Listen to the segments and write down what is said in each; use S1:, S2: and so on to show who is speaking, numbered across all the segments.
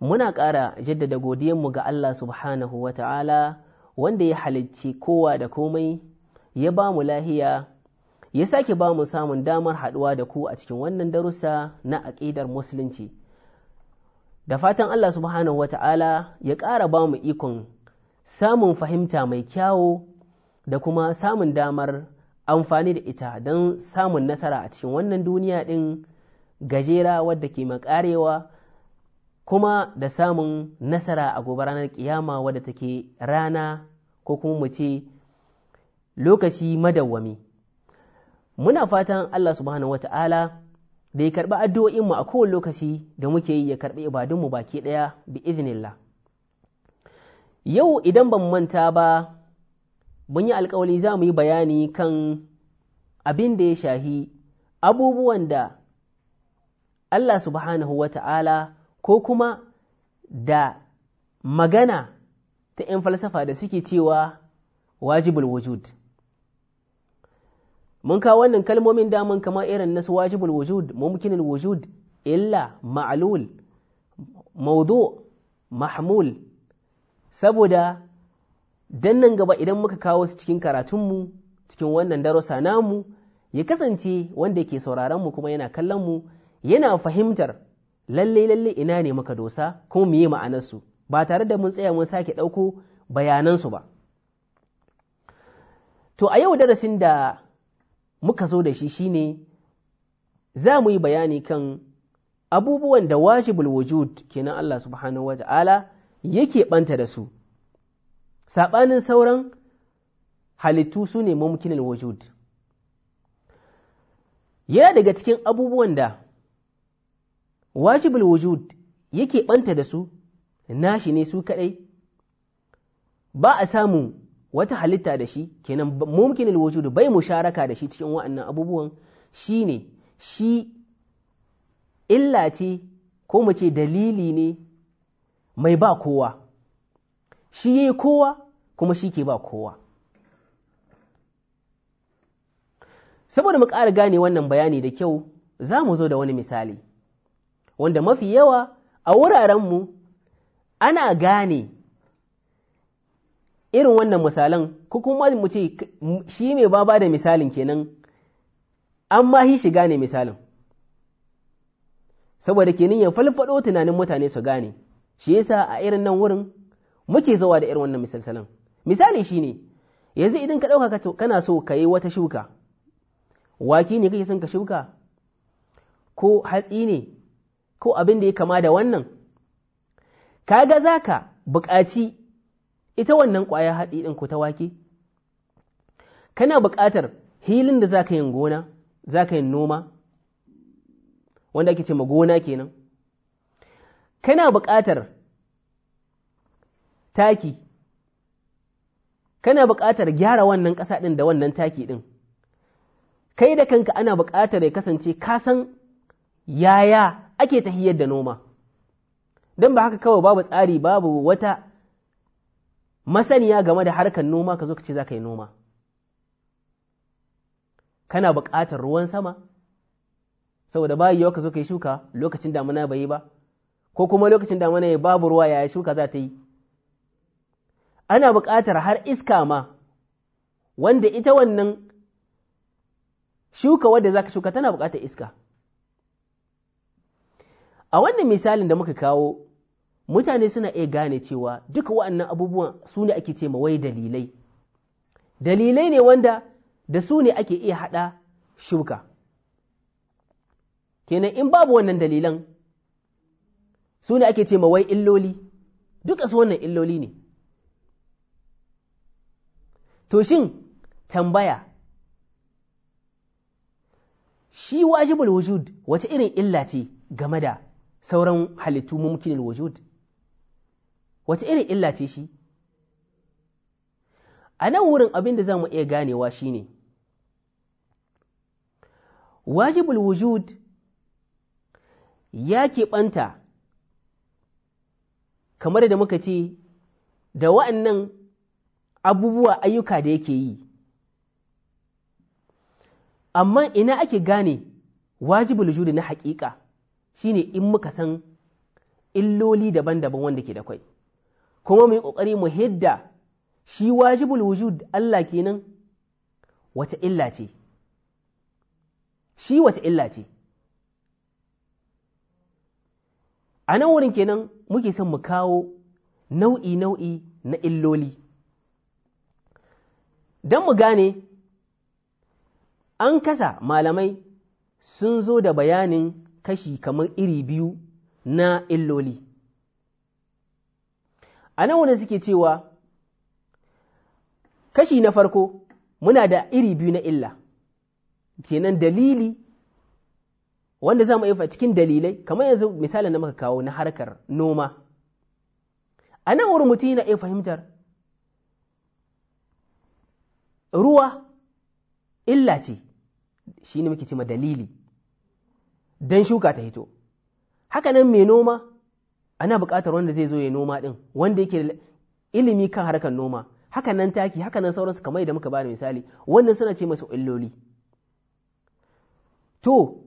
S1: muna ƙara jaddada godiyanmu ga Allah subhanahu wa ta'ala wanda ya halicci kowa da komai ya ba mu lahiya ya sake ba mu samun damar haɗuwa da ku a cikin wannan darussa na aƙidar musulunci da fatan Allah subhanahu wa ta'ala ya ƙara ba mu ikon samun fahimta mai kyawo da kuma samun damar amfani da ita don samun nasara a cikin wannan duniya ɗin gajera wadda ke makarewa kuma da samun nasara a gobe ranar kiyama wadda take rana ko kuma mu ce lokaci madawwami muna fatan Allah subhanahu wata'ala da ya karɓi addu'o'inmu a kowane lokaci da muke yi ya karɓi ibadunmu baki ɗaya bi iznillah yau idan ban manta ba mun yi alkawali za mu yi bayani kan abin da ya shahi abubuwan da Allah subhanahu wata'ala ko kuma da magana ta 'yan falsafa da suke cewa wajibul wujud mun kawo wannan kalmomin daman kamar irin nasu wajibul wujud mumkinul wujud illa ma'alul maudu mahmul saboda nan gaba idan muka kawo su cikin karatunmu cikin wannan darussa namu ya kasance wanda ke sauraronmu kuma yana kallonmu yana fahimtar lalle lalle ina ne muka dosa kuma mu yi ma'anarsu ba tare da mun tsaya mun sake ɗauko bayanansu ba to a yau darasin da muka zo da shi shine za mu yi bayani kan abubuwan da wajibul wujud kenan Allah subhanahu wa ta'ala yake ɓanta da su saɓanin sauran halittu su ne mumkinul wujud yana daga cikin abubuwan da wajibul wujud yake ɓanta da su nashi ne su kaɗai ba a samu wata halitta da shi kenan mumkinul wujud bai musharaka da shi cikin wa'annan abubuwan shi ne shi illa ce ko mu ce dalili ne mai ba kowa shi yayi kowa kuma shi ke ba kowa saboda mu ƙara gane wannan bayani da kyau za mu zo da wani misali wanda mafi yawa a wurarenmu ana gane irin wannan misalan ko kuma mu ce shi mai baba da misalin kenan an ma shi gane misalin saboda kenan ya falfado tunanin mutane su gane shi yasa a irin nan wurin muke zuwa da irin wannan misalsalan misali shine yanzu idan ka ɗauka kana so ka yi wata shuka waki ne kake son ka shuka ko hatsi ne ko abin da ya kama da wannan kaga za ka buƙaci ita wannan ƙwayar hatsi ɗin ko ta wake kana buƙatar hilin da za ka yin gona za ka yin noma wanda ake ce ma gona kenan kana buƙatar taki kana buƙatar gyara wannan ƙasa ɗin da wannan taki ɗin kai da kanka ana buƙatar ya kasance kasan yaya ake tahiyar da noma don ba haka kawai babu tsari babu wata masaniya game da harkar noma ka zo ka ce za ka yi noma kana buƙatar ruwan sama saboda bayi yau ka zo ka yi shuka lokacin damuna bai yi ba ko kuma lokacin damuna ya babu ruwa yaya shuka za ta yi ana buƙatar har iska ma wanda ita wannan shuka wadda za ka shuka tana buƙatar iska a wannan misalin da muka kawo mutane suna iya gane cewa duka wa'annan abubuwan su ne ake ce wai dalilai dalilai ne wanda da su ne ake iya haɗa shuka kenan in babu wannan dalilan su ne ake ce wai illoli duka su wannan illoli ne to shin tambaya shi wajibul wujud wace irin illa ce game da sauran halittu mumkin wujud wace irin illa ce shi a nan wurin abin da za mu iya ganewa shine wajibul wujud ya keɓanta kamar da muka ce da wa'annan abubuwa ayyuka da yake yi amma ina ake gane wajibul wujud na haƙiƙa shine in muka san illoli daban-daban wanda ke da kwai kuma mu yi ƙoƙari mu hidda shi wajibul wujud Allah kenan wata illa ce shi wace illa ce a nan wurin kenan muke son mu kawo nau'i-nau'i na illoli don mu gane an kasa malamai sun zo da bayanin kashi kamar iri biyu na illoli. A nan wani suke cewa, kashi na farko muna da iri biyu na illa, kenan dalili wanda za mu yi cikin dalilai, kamar yanzu misali na maka kawo na harkar noma. A nan wuri mutum yana iya fahimtar ruwa illa ce, shi ne muke cima dalili. don shuka ta hito hakanan nan mai noma ana buƙatar wanda zai zo ya noma ɗin wanda yake ilimi kan harkar noma haka taki haka nan sauransu kamar da muka bada misali wannan suna ce masu illoli to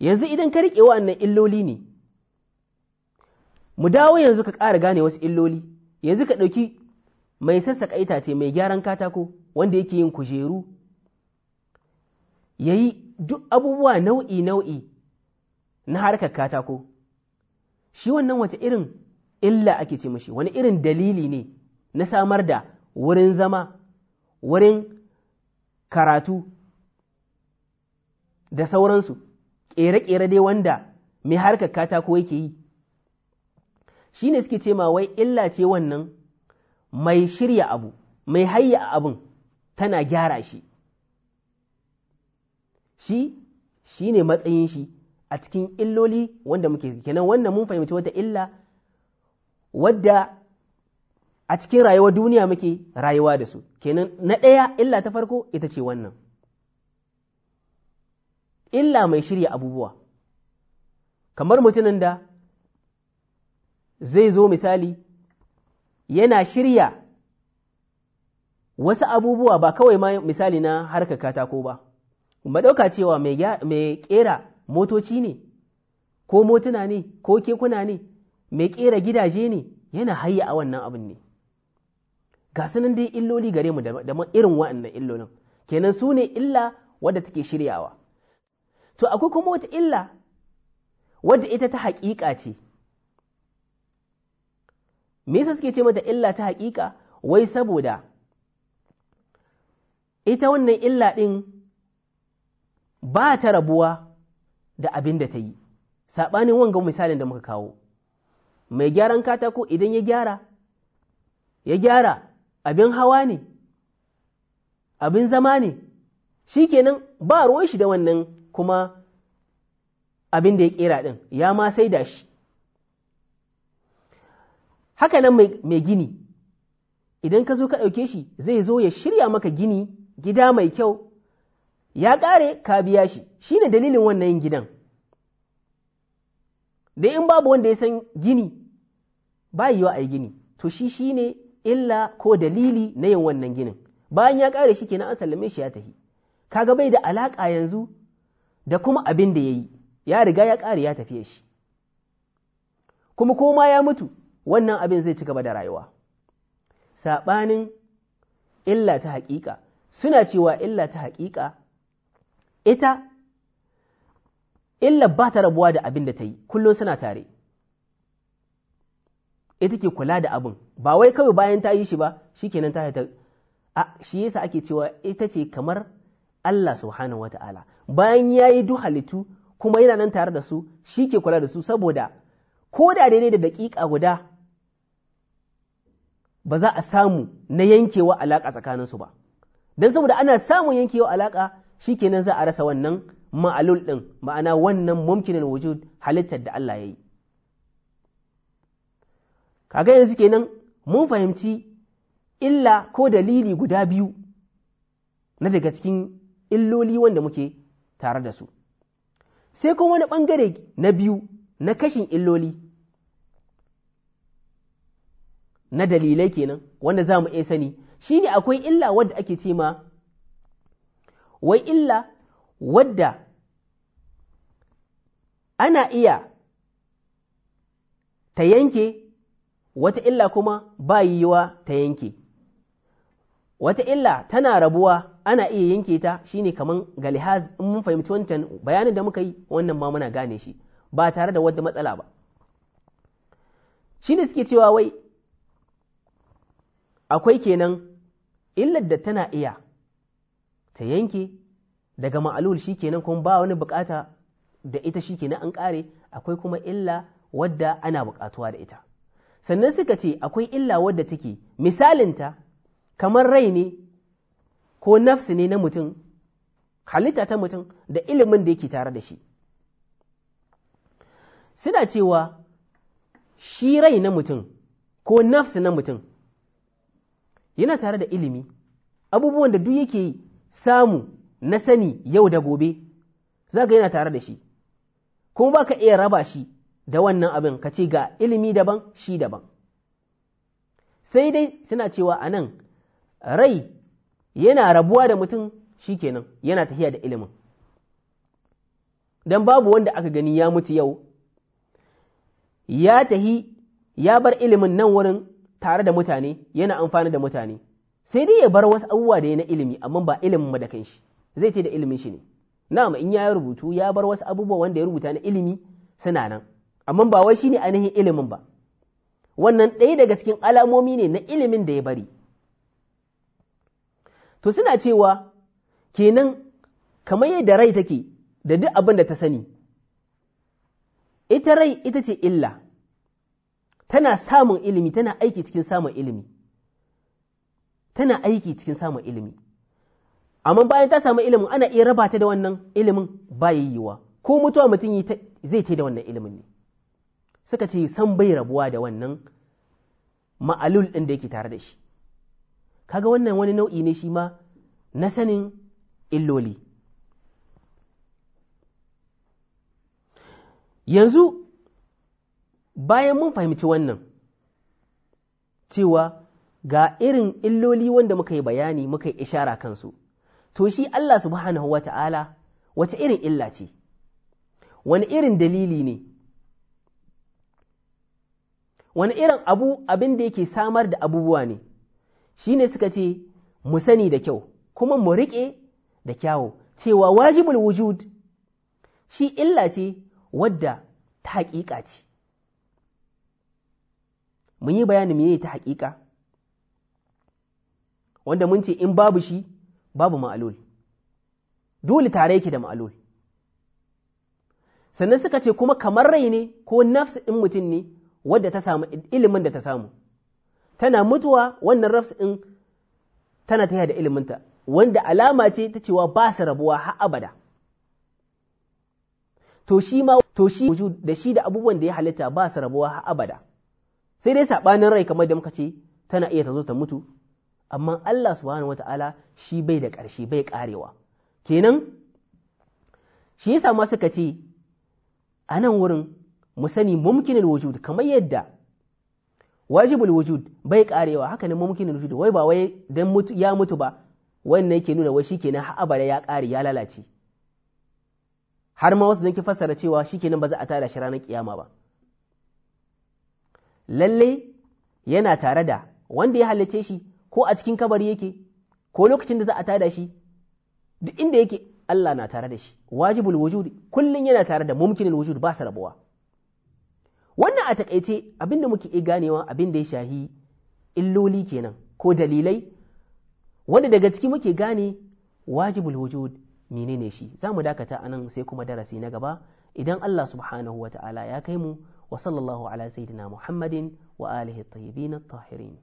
S1: yanzu idan ka riƙe wa'annan illoli ne mu dawo yanzu ka ƙara gane wasu illoli yanzu ka ɗauki mai sassaƙa itace mai gyaran katako wanda yake yin kujeru ya yi duk abubuwa nau'i-nau'i na harkar katako, shi wannan wace irin illa ake ce mashi, wani irin dalili ne na samar da wurin zama, wurin karatu da sauransu, ƙere-ƙere dai wanda mai harkar katako yake yi. Shi ne suke ce ma wai illa ce wannan mai shirya abu, mai hayya abin tana gyara shi. shi shi ne matsayin shi a cikin illoli wanda muke kenan wannan mun fahimci wata illa wadda a cikin rayuwar duniya muke rayuwa da su kenan na ɗaya illa ta farko ita ce wannan illa mai shirya abubuwa kamar mutumin da zai zo misali yana shirya wasu abubuwa ba kawai ma misali na harkar katako ba ba ɗauka cewa mai ƙera motoci ne ko motuna ne ko kekuna ne mai ƙera gidaje ne yana hayya a wannan abin ne ga sunan dai illoli gare mu da irin wa'annan illolin kenan su ne illa wadda take shiryawa to akwai kuma wata illa wadda ita ta haƙiƙa ce me yasa suke ce mata illa ta haƙiƙa wai saboda ita wannan illa ɗin ba ta rabuwa da abin da ta yi saɓanin wanga misalin da muka kawo mai gyaran katako idan ya gyara ya gyara abin hawa ne abin zama ne shi kenan ba ruwan shi da wannan kuma abin da ya kera ɗin ya ma sai da shi haka nan mai gini idan ka zo ka ɗauke shi zai zo ya shirya maka gini gida mai kyau ya ƙare ka biya shi shi ne dalilin wannan yin gidan da in babu wanda ya san gini ba yi a yi gini to shi shi ne illa ko dalili na yin wannan ginin bayan ya ƙare shi kenan an sallame shi ya tafi kaga bai da alaƙa yanzu da kuma abin da ya yi ya riga ya ƙare ya tafiye shi kuma koma ya mutu wannan abin zai ci gaba da rayuwa saɓanin illa ta haƙiƙa suna cewa illa ta haƙiƙa ita illa ba ta rabuwa da abin da ta yi kullum suna tare ita ke kula da abin ba wai kawai bayan ta yi shi ba shikenan ta ta a shi yasa ake cewa ita ce kamar Allah subhanahu wata'ala bayan ya yi duk halittu kuma yana nan tare da su shi ke kula da su saboda ko da daidai da daƙiƙa guda ba za a samu na yankewa alaƙa tsakaninsu ba don saboda ana samun yankewa alaƙa shikenan za a rasa wannan ma'alul ɗin ma'ana wannan mumkinin wujud halittar da Allah ya yi kaga yanzu kenan mun fahimci illa ko dalili guda biyu na daga cikin illoli wanda muke tare da su sai kuma wani ɓangare na biyu na kashin illoli na dalilai kenan wanda za mu iya sani shi ne akwai illa wadda ake ce ma wai illa wadda ana iya ta yanke wata illa kuma ba yiwuwa ta yanke wata illa tana rabuwa ana iya yanke ta shine kaman galihaz in mun fahimci wancan bayanin da muka yi wannan ma muna gane shi ba tare da wadda matsala ba shine suke cewa wai akwai kenan illar da tana iya ta yanke daga ma'alul kenan kuma ba wani bukata da ita shi shikenan an kare akwai kuma illa wadda ana bukatuwa da ita sannan suka ce akwai illa wadda take misalinta kamar rai ne ko nafsi ne na mutum halitta ta mutum da ilimin da yake tare da shi suna cewa shi rai na mutum ko nafsi na mutum yana tare da ilimi abubuwan da duk yake yi samu na sani yau da gobe za yana tare da shi kuma ba ka iya raba shi da wannan abin ka ce ga ilimi daban shi daban sai dai suna cewa a nan rai yana rabuwa da mutum shi kenan yana tafiya da ilimin don babu wanda aka gani ya mutu yau ya tahi ya bar ilimin nan wurin tare da mutane yana amfani da mutane sai dai ya bar wasu abubuwa da ya na ilimi amma ba ilimin ma da kanshi zai ce da ilimin shi ne na'am in ya rubutu ya bar wasu abubuwa wanda ya rubuta na ilimi suna nan amma ba wai shi ne ainihin ilimin ba wannan ɗaya daga cikin alamomi ne na ilimin da ya bari to suna cewa kenan kamar yadda rai take da duk abin da ta sani ita rai ita ce illa tana samun ilimi tana aiki cikin samun ilimi tana aiki cikin samun ilimi amma bayan ta samu ilimin ana iya raba ta da wannan ilimin ba ko mutuwa mutum zai ce da wannan ilimin ne suka ce san bai rabuwa da wannan ma'alul ɗin da yake tare da shi kaga wannan wani nau'i ne shi ma na sanin illoli yanzu bayan mun fahimci wannan cewa ga irin illoli wanda muka yi bayani muka yi ishara kansu to shi Allah subhanahu wa ta'ala wata irin illa ce wani irin dalili ne wani irin abu abin da yake samar da abubuwa ne shi ne suka ce mu sani da kyau kuma mu riƙe da kyawu cewa wajibul wujud shi illa ce wadda ta haƙiƙa ce mun yi bayani meye ta haƙiƙa wanda mun ce in babu shi babu ma'alul dole tare yake da ma'alul sannan suka ce kuma kamar rai ne ko nafs in mutum ne wadda ta samu ilimin da ta samu tana mutuwa wannan nafs in tana ta da iliminta wanda alama ce ta cewa ba su rabuwa har abada to shi ma to shi da shi da abubuwan da ya halitta ba su rabuwa har abada sai dai sabanin rai kamar da muka ce tana iya ta zo ta mutu amma Allah subhanahu wata'ala shi bai da ƙarshe bai ƙarewa kenan shi yasa ma suka ce a nan wurin mu sani mumkinul wujud kamar yadda wajibul wujud bai ƙarewa haka ne mumkinul wujud wai ba wai dan ya mutu ba wannan yake nuna wai shikenan har abara ya ƙare ya lalace har ma wasu zanki fassara cewa shikenan ba za a tara shi ranar kiyama ba lalle yana tare da wanda ya halarce shi ko a cikin kabari yake ko lokacin da za a tada shi duk inda yake Allah na tare da shi wajibul wujud kullun yana tare da mumkinul wujud ba sa rabuwa wannan a takaice abinda muke iya ganewa abinda ya shahi illoli kenan ko dalilai wanda daga ciki muke gane wajibul wujud menene shi za mu dakata anan sai kuma darasi na gaba idan Allah subhanahu wa ta'ala ya kai mu wa sallallahu ala sayyidina Muhammadin wa alihi tayyibin